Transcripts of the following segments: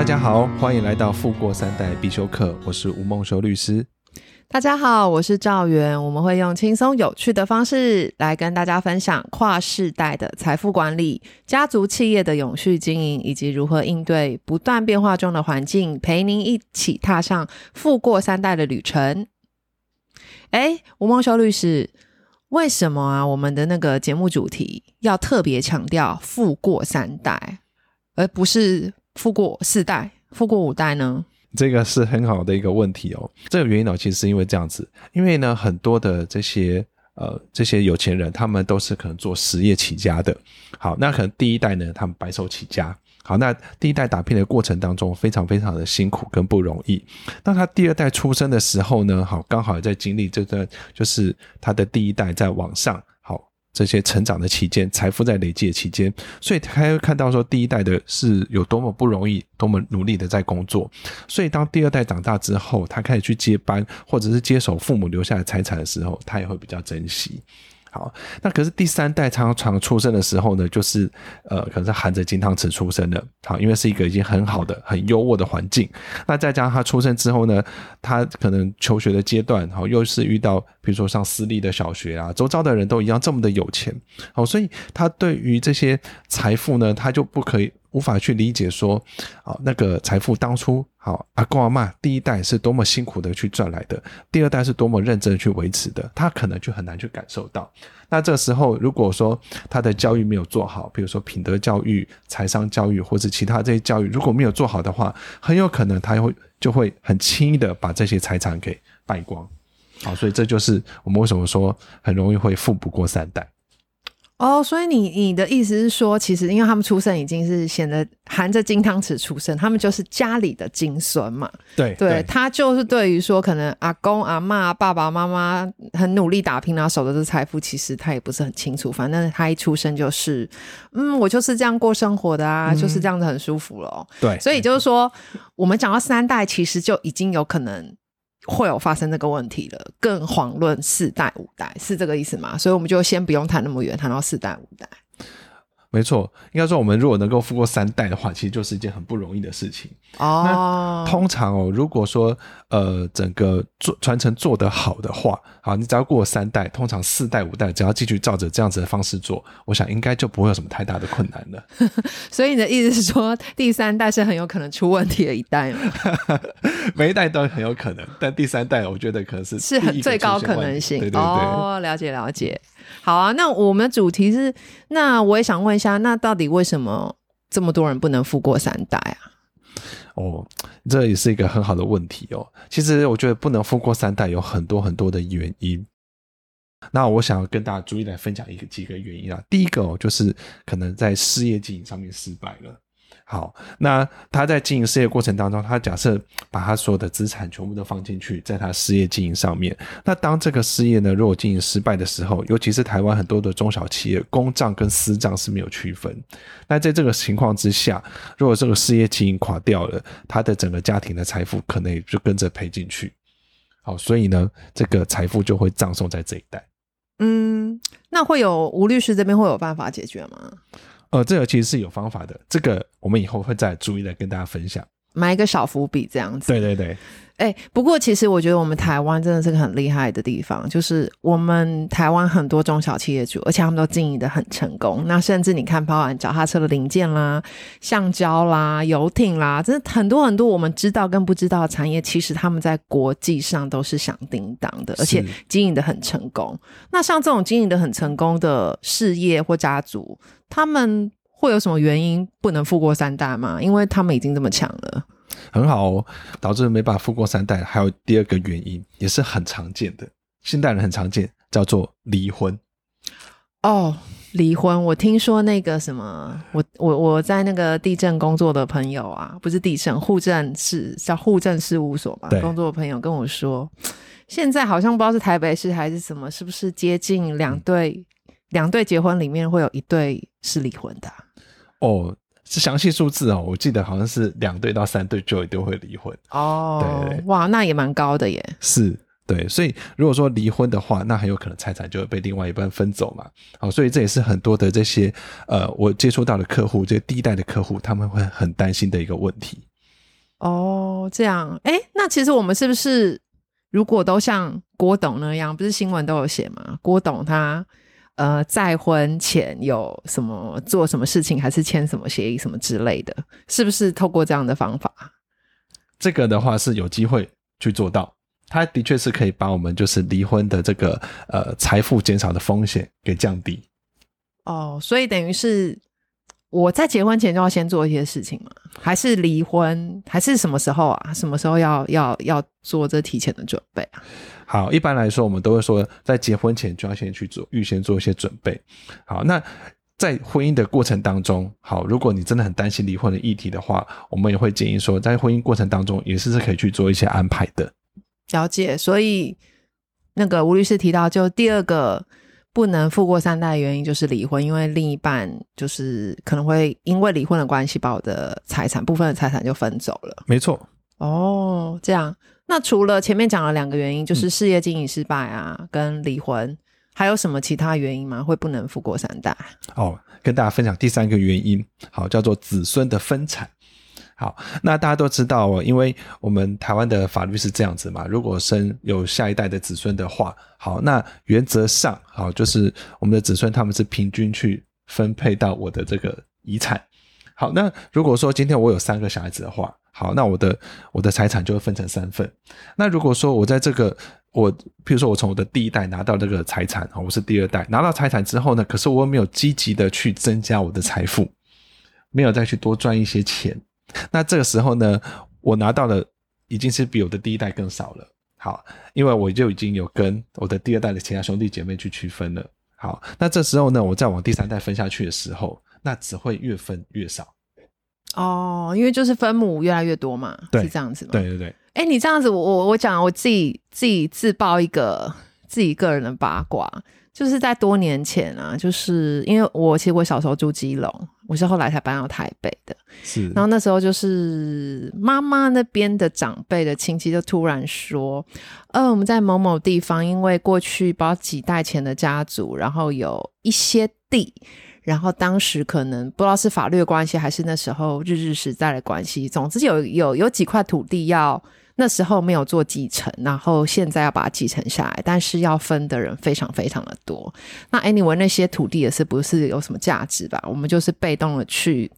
大家好，歡迎來到《富過三代必修課》，我是吳夢修律師。大家好，我是趙元，我們會用輕鬆有趣的方式來跟大家分享跨世代的財富管理、家族企業的永續經營，以及如何應對不斷變化中的環境，陪您一起踏上富過三代的旅程。哎，吳夢修律師，為什麼啊？我們的那個節目主題要特別強調“富過三代”，而不是？富過四代，富過五代呢？這個是很好的一個問題哦。這個原因呢，其實是因為這樣子，因為呢，很多的這些呃這些有錢人，他們都是可能做實業起家的。好，那可能第一代呢，他們白手起家。好，那第一代打拼的過程當中，非常非常的辛苦跟不容易。那他第二代出生的時候呢，好，剛好也在經歷這段，就是他的第一代在往上。這些成長的期間，財富在累積的期間，所以他還會看到說第一代的是有多麼不容易，多麼努力的在工作。所以當第二代長大之後，他開始去接班或者是接手父母留下的財產的時候，他也會比較珍惜。好，那可是第三代常常出生的時候呢，就是呃，可能是含着金湯匙出生的。好，因為是一個已經很好的、很優渥的環境。那再加上他出生之後呢，他可能求學的階段，好、哦，又是遇到比如說上私立的小學啊，周遭的人都一樣這麼的有錢。好、哦，所以他對於這些財富呢，他就不可以。無法去理解說，好，那個財富當初好，阿公阿嬤，第一代是多麼辛苦的去賺來的，第二代是多麼認真的去維持的，他可能就很難去感受到。那這時候，如果說他的教育沒有做好，比如說品德教育、財商教育或者其他這些教育如果沒有做好的話，很有可能他會就會很輕易的把這些財產給敗光。好，所以這就是我們為什麼說很容易會富不過三代。哦，oh, 所以你你的意思是說，其實因為他們出生已經是顯得含着金湯匙出生，他們就是家裡的金孫嘛？對對，對他就是對於說可能阿公阿嬤爸爸媽媽很努力打拼，然後守着這財富，其實他也不是很清楚。反正他一出生就是，嗯，我就是這樣過生活的啊，嗯、就是這樣子很舒服咯。對，所以就是說，嗯、我們講到三代，其實就已經有可能。會有發生這個問題了，更遑論四代五代，是這個意思嗎？所以我們就先不用談那麼遠，談到四代五代。沒錯，應該說，我們如果能夠富過三代的話，其實就是一件很不容易的事情。哦、oh.，通常哦，如果說呃，整個做傳承做得好的話，好，你只要過三代，通常四代五代，只要繼續照着這樣子的方式做，我想應該就不會有什麼太大的困難了。 所以你的意思是說，第三代是很有可能出問題的一代嗎？ 每一代都很有可能，但第三代我覺得可能是是很最高可能性。哦，對對對，oh, 了解了解。好啊，那我們的主題是，那我也想問一下，那到底為什麼這麼多人不能富過三代啊？哦，這也是一個很好的問題哦。其實我覺得不能富過三代有很多很多的原因。那我想要跟大家逐一來分享一個幾個原因啊。第一個哦，就是可能在事業經營上面失敗了。好，那他在經營事業過程當中，他假設把他所有的資產全部都放進去，在他事業經營上面。那當這個事業呢，如果經營失敗的時候，尤其是台灣很多的中小企業，公賬跟私賬是沒有區分。那在這個情況之下，如果這個事業經營垮掉了，他的整個家庭的財富可能也就跟着賠進去。好，所以呢，這個財富就會葬送在這一代。嗯，那會有吳律師這邊會有辦法解決嗎？呃，這個其實是有方法的，這個我們以後會再逐一的跟大家分享，埋一個小伏筆這樣子。對對對。哎、欸，不過其實我覺得我們台灣真的是個很厲害的地方，就是我們台灣很多中小企業主，而且他們都經營的很成功。那甚至你看，包含腳踏車的零件啦、橡膠啦、遊艇啦，真的很多很多我們知道跟不知道的產業，其實他們在國際上都是響叮噹的，而且經營的很成功。是那像這種經營的很成功的事業或家族，他們會有什麼原因不能富過三代嗎？因為他們已經這麼強了。很好哦，導致沒辦法富過三代，還有第二個原因，也是很常見的，現代人很常見，叫做離婚。哦，離婚，我聽說那個什麼，我我我在那個地震工作的朋友啊，不是地震，戶政是叫戶政事務所嘛，對工作的朋友跟我說，現在好像不知道是台北市還是什麼，是不是接近兩對兩、嗯、對結婚裡面會有一對是離婚的、啊？哦。是詳細數字哦，我記得好像是兩對到三對就一對會離婚哦。Oh, 對，哇，那也蠻高的耶。是，對，所以如果說離婚的話，那很有可能財產，產就會被另外一半分走嘛。好，所以這也是很多的這些呃，我接觸到的客戶，這些第一代的客戶，他們會很擔心的一個問題。哦，oh, 這樣，哎，那其實我們是不是如果都像郭董那樣，不是新聞都有寫嘛？郭董他。呃，在婚前有什麼做什麼事情，還是簽什麼協議什麼之類的，是不是透過這樣的方法？這個的話是有機會去做到，它的確是可以把我們就是離婚的這個呃財富減少的風險給降低。哦，所以等於是我在結婚前就要先做一些事情嘛，還是離婚，還是什麼時候啊？什麼時候要要要做這提前的準備啊？好，一般來說，我們都會說，在結婚前就要先去做預先做一些準備。好，那在婚姻的過程當中，好，如果你真的很擔心離婚的議題的話，我們也會建議說，在婚姻過程當中也是可以去做一些安排的。了解，所以那個吳律師提到，就第二個不能富過三代原因就是離婚，因為另一半就是可能會因為離婚的關係，把我的財產部分的財產就分走了。沒錯。哦，這樣。那除了前面講了兩個原因，就是事業經營失敗啊，嗯、跟離婚，還有什麼其他原因嗎？會不能富過三代？哦，跟大家分享第三個原因，好，叫做子孫的分產。好，那大家都知道，哦，因為我們台灣的法律是這樣子嘛，如果生有下一代的子孫的話，好，那原則上好，就是我們的子孫他們是平均去分配到我的這個遺產。好，那如果說今天我有三個小孩子的話。好，那我的我的財產就會分成三份。那如果說我在這個，我譬如說我從我的第一代拿到這個財產，我是第二代拿到財產之後呢，可是我又沒有積極的去增加我的財富，沒有再去多賺一些錢，那這個時候呢，我拿到的已經是比我的第一代更少了。好，因為我就已經有跟我的第二代的其他兄弟姐妹去區分了。好，那這時候呢，我再往第三代分下去的時候，那只會越分越少。哦，因為就是分母越來越多嘛，對是這樣子嗎？對對對。哎、欸，你這樣子我，我我我講我自己自己自爆一個自己個人的八卦，就是在多年前啊，就是因為我其實我小時候住基隆，我是後來才搬到台北的。是。然後那時候就是媽媽那邊的長輩的親戚就突然說，嗯、呃，我們在某某地方，因為過去不知道幾代前的家族，然後有一些地。然後當時可能不知道是法律的關係還是那時候日治時代的關係，總之有有有幾塊土地要那時候沒有做繼承，然後現在要把它繼承下來，但是要分的人非常非常的多。那 anyway，那些土地也是不是有什麼價值吧？我們就是被動的去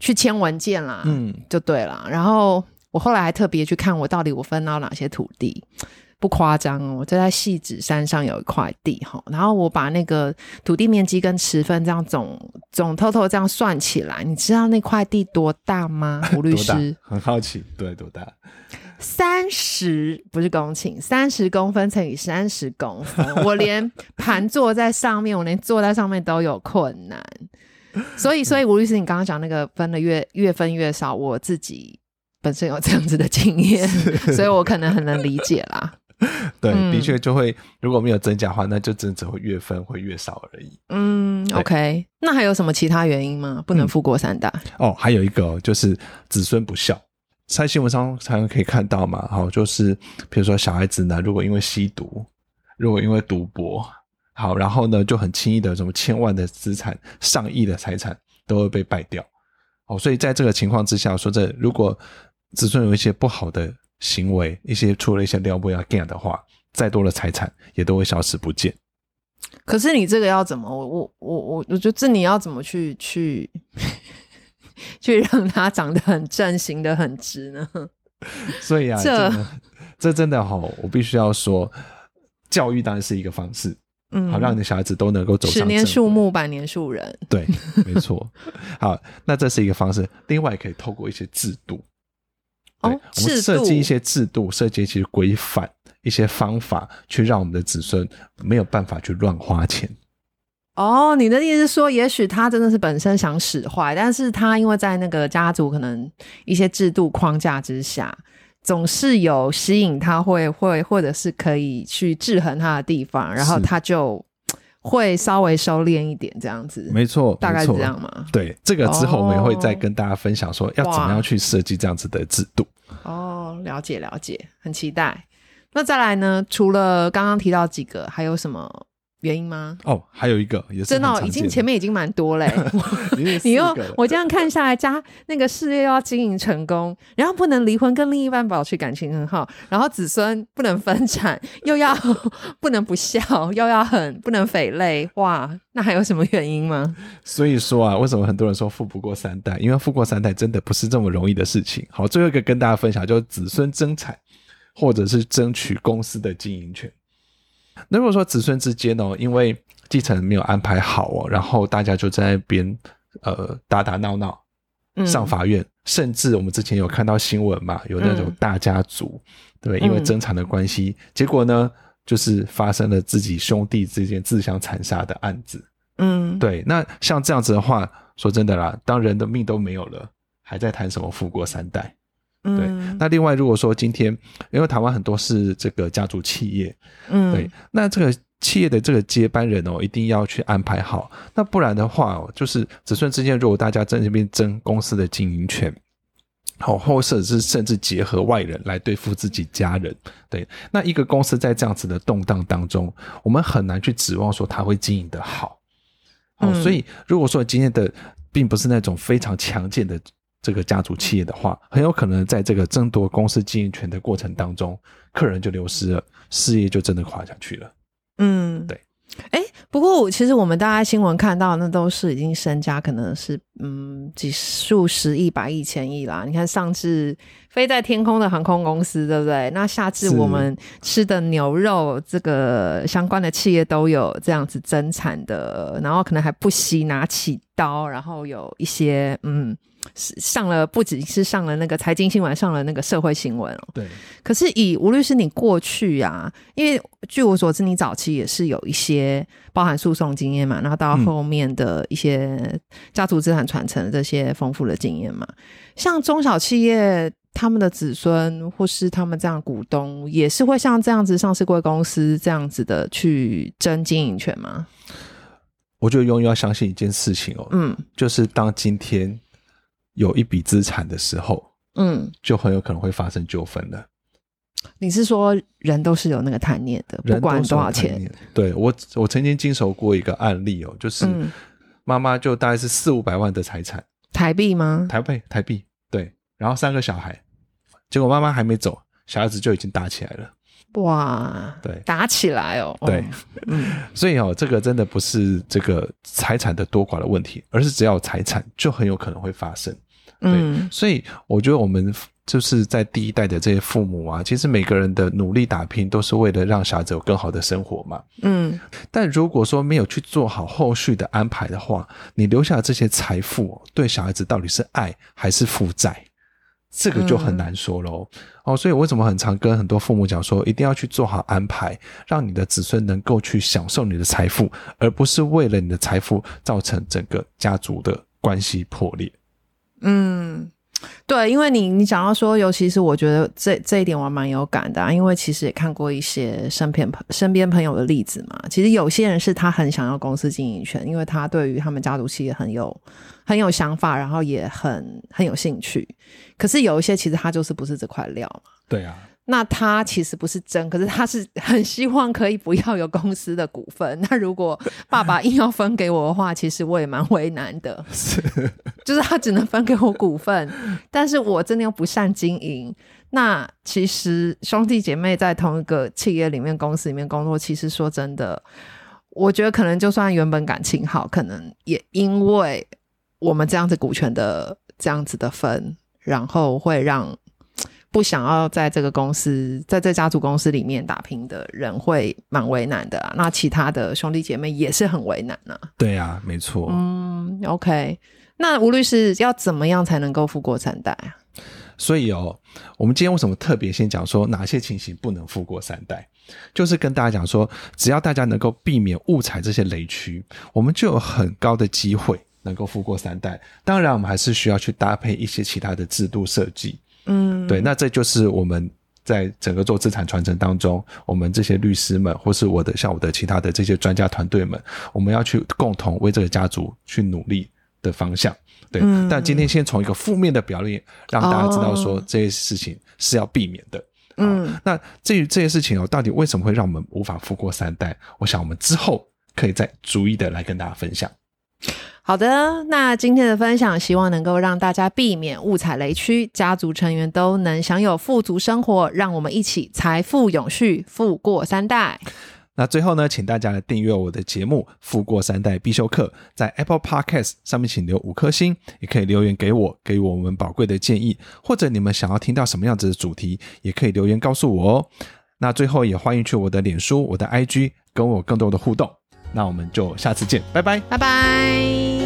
去簽文件啦，嗯，就對了。然後我後來還特別去看我到底我分到哪些土地。不誇張哦，我就在在戲子山上有一塊地哈，然後我把那個土地面積跟池分這樣總總偷偷這樣算起來，你知道那塊地多大嗎？吳 律師很好奇，對多大。三十不是公頃，三十公分乘以三十公分， 我連盤坐在上面，我連坐在上面都有困難。所以，所以吳律師，你剛剛講那個分的越越分越少，我自己本身有這樣子的經驗，的 所以我可能很能理解啦。對，嗯、的確就會，如果沒有增加的話，那就只會越分會越少而已。嗯，OK，那還有什麼其他原因嗎？不能富過三代、嗯。哦，還有一個、哦、就是子孫不孝，在新聞上常常可以看到嘛。好、哦，就是譬如說小孩子呢，如果因為吸毒，如果因為賭博，好，然後呢就很輕易的什麼千萬的資產、上億的財產都會被敗掉。好、哦，所以在這個情況之下，說這如果子孫有一些不好的行為，一些出了一些撩撥要 g 的話，再多的財產也都會消失不見。可是你這個要怎麼？我我我我，我我就這你要怎麼去去去讓他長得很正，行得很直呢？ 所以啊，這真這真的好，我必須要說，教育當然是一個方式，嗯、好，讓你小孩子都能夠走上十年樹木，百年樹人， 對，沒錯。好，那這是一個方式，另外可以透過一些制度。哦，我們設計一些制度，設計、哦、一些規範，一些方法，去讓我們的子孫沒有辦法去亂花錢。哦，你的意思是說，也許他真的是本身想使壞，但是他因為在那個家族可能一些制度框架之下，總是有吸引他會會，或者是可以去制衡他的地方，然後他就。會稍微收斂一點，這樣子。沒錯，大概是這樣嗎？對，這個之後我們也會再跟大家分享，說要怎麼樣去設計這樣子的制度。哦，了解了解，很期待。那再來呢？除了剛剛提到幾個，還有什麼？原因嗎？哦，還有一個也是的真的、哦，已經前面已經蠻多嘞。 了 你又我這樣看下來，家那個事業又要經營成功，然後不能離婚，跟另一半保持感情很好，然後子孫不能分產，又要 不能不孝，又要很不能匪類。哇，那還有什麼原因嗎？所以說啊，為什麼很多人說富不過三代？因為富過三代真的不是這麼容易的事情。好，最後一個跟大家分享，就是子孫爭產，或者是爭取公司的經營權。那如果說子孫之間呢、哦，因為繼承沒有安排好哦，然後大家就在那邊呃打打鬧鬧，上法院，嗯、甚至我們之前有看到新聞嘛，有那種大家族、嗯、對，因為爭產的關係，嗯、結果呢就是發生了自己兄弟之間自相殘殺的案子。嗯，對，那像這樣子的話，說真的啦，當人的命都沒有了，還在談什麼富過三代？嗯，對，那另外，如果說今天，因為台灣很多是這個家族企業，嗯，對，那這個企業的這個接班人哦，一定要去安排好，那不然的話哦，就是子孫之間，如果大家在這邊爭公司的經營權，哦，或者是甚至結合外人來對付自己家人，對，那一個公司在這樣子的動盪當中，我們很難去指望說他會經營得好，哦，所以如果說今天的並不是那種非常強健的。這個家族企業的話，很有可能在這個爭奪公司經營權的過程當中，客人就流失了，事業就真的垮下去了。嗯，對。哎、欸，不過其實我們大家新聞看到的，那都是已經身家可能是嗯幾數十億、百億、千億啦。你看上次飛在天空的航空公司，對不對？那下次我們吃的牛肉，是這個相關的企業都有這樣子增產的，然後可能還不惜拿起刀，然後有一些嗯。上了，不只是上了那個財經新聞，上了那個社會新聞哦。對。可是以吳律師你過去啊，因為據我所知，你早期也是有一些包含訴訟經驗嘛，然後到後面的一些家族資產傳承的這些豐富的經驗嘛。像中小企業他們的子孫或是他們這樣股東，也是會像這樣子上市櫃公司這樣子的去爭經營權嗎？我就永遠要相信一件事情哦、喔，嗯，就是當今天。有一筆資產的時候，嗯，就很有可能會發生糾紛了。你是說人都是有那個貪念的，念的不管多少錢？對我，我曾經經手過一個案例哦、喔，就是媽媽就大概是四五百萬的財產，嗯、台幣嗎？台幣，台幣。對，然後三個小孩，結果媽媽還沒走，小孩子就已經打起來了。哇，對，打起來哦，對，嗯、所以哦、喔，這個真的不是這個財產的多寡的問題，而是只要有財產，就很有可能會發生。嗯，所以我覺得我們就是在第一代的這些父母啊，其實每個人的努力打拼都是為了讓小孩子有更好的生活嘛。嗯，但如果說沒有去做好後續的安排的話，你留下的這些財富對小孩子到底是愛還是負債，這個就很難說嘍。哦，所以為什麼很常跟很多父母講說，一定要去做好安排，讓你的子孫能夠去享受你的財富，而不是為了你的財富造成整個家族的關係破裂。嗯，對，因為你你講到說，尤其是我覺得這這一點我還蠻有感的啊，因為其實也看過一些身邊朋身邊朋友的例子嘛。其實有些人是他很想要公司經營權，因為他對於他們家族企業很有很有想法，然後也很很有興趣。可是有一些其實他就是不是這塊料嘛。對啊。那他其實不是真，可是他是很希望可以不要有公司的股份。那如果爸爸硬要分給我的話， 其實我也蠻為難的。 就是他只能分給我股份，但是我真的又不善經營。那其實兄弟姐妹在同一個企業裡面、公司裡面工作，其實說真的，我覺得可能就算原本感情好，可能也因為我們這樣子股權的這樣子的分，然後會讓。不想要在這個公司，在這家族公司裡面打拼的人，會蠻為難的、啊。那其他的兄弟姐妹也是很為難呢、啊。對啊，沒錯。嗯，OK。那吳律師要怎麼樣才能夠富過三代啊？所以哦，我們今天為什麼特別先講說哪些情形不能富過三代，就是跟大家講說，只要大家能夠避免誤踩這些雷區，我們就有很高的機會能夠富過三代。當然，我們還是需要去搭配一些其他的制度設計。嗯，對，那這就是我們在整個做資產傳承當中，我們這些律師們，或是我的，像我的其他的這些專家團隊們，我們要去共同為這個家族去努力的方向。對，嗯、但今天先從一個負面的表列讓大家知道說這些事情是要避免的。哦、嗯，嗯，那至於這些事情哦，到底為什麼會讓我們無法富過三代？我想我們之後可以再逐一的來跟大家分享。好的，那今天的分享希望能夠讓大家避免誤踩雷區，家族成員都能享有富足生活，讓我們一起財富永續，富過三代。那最後呢，請大家訂閱我的節目《富過三代必修課》，在 Apple Podcast 上面請留五顆星，也可以留言給我，給我們寶貴的建議，或者你們想要聽到什麼樣子的主題，也可以留言告訴我哦。那最後也歡迎去我的臉書、我的 IG 跟我更多的互動。那我們就下次見，拜拜，拜拜。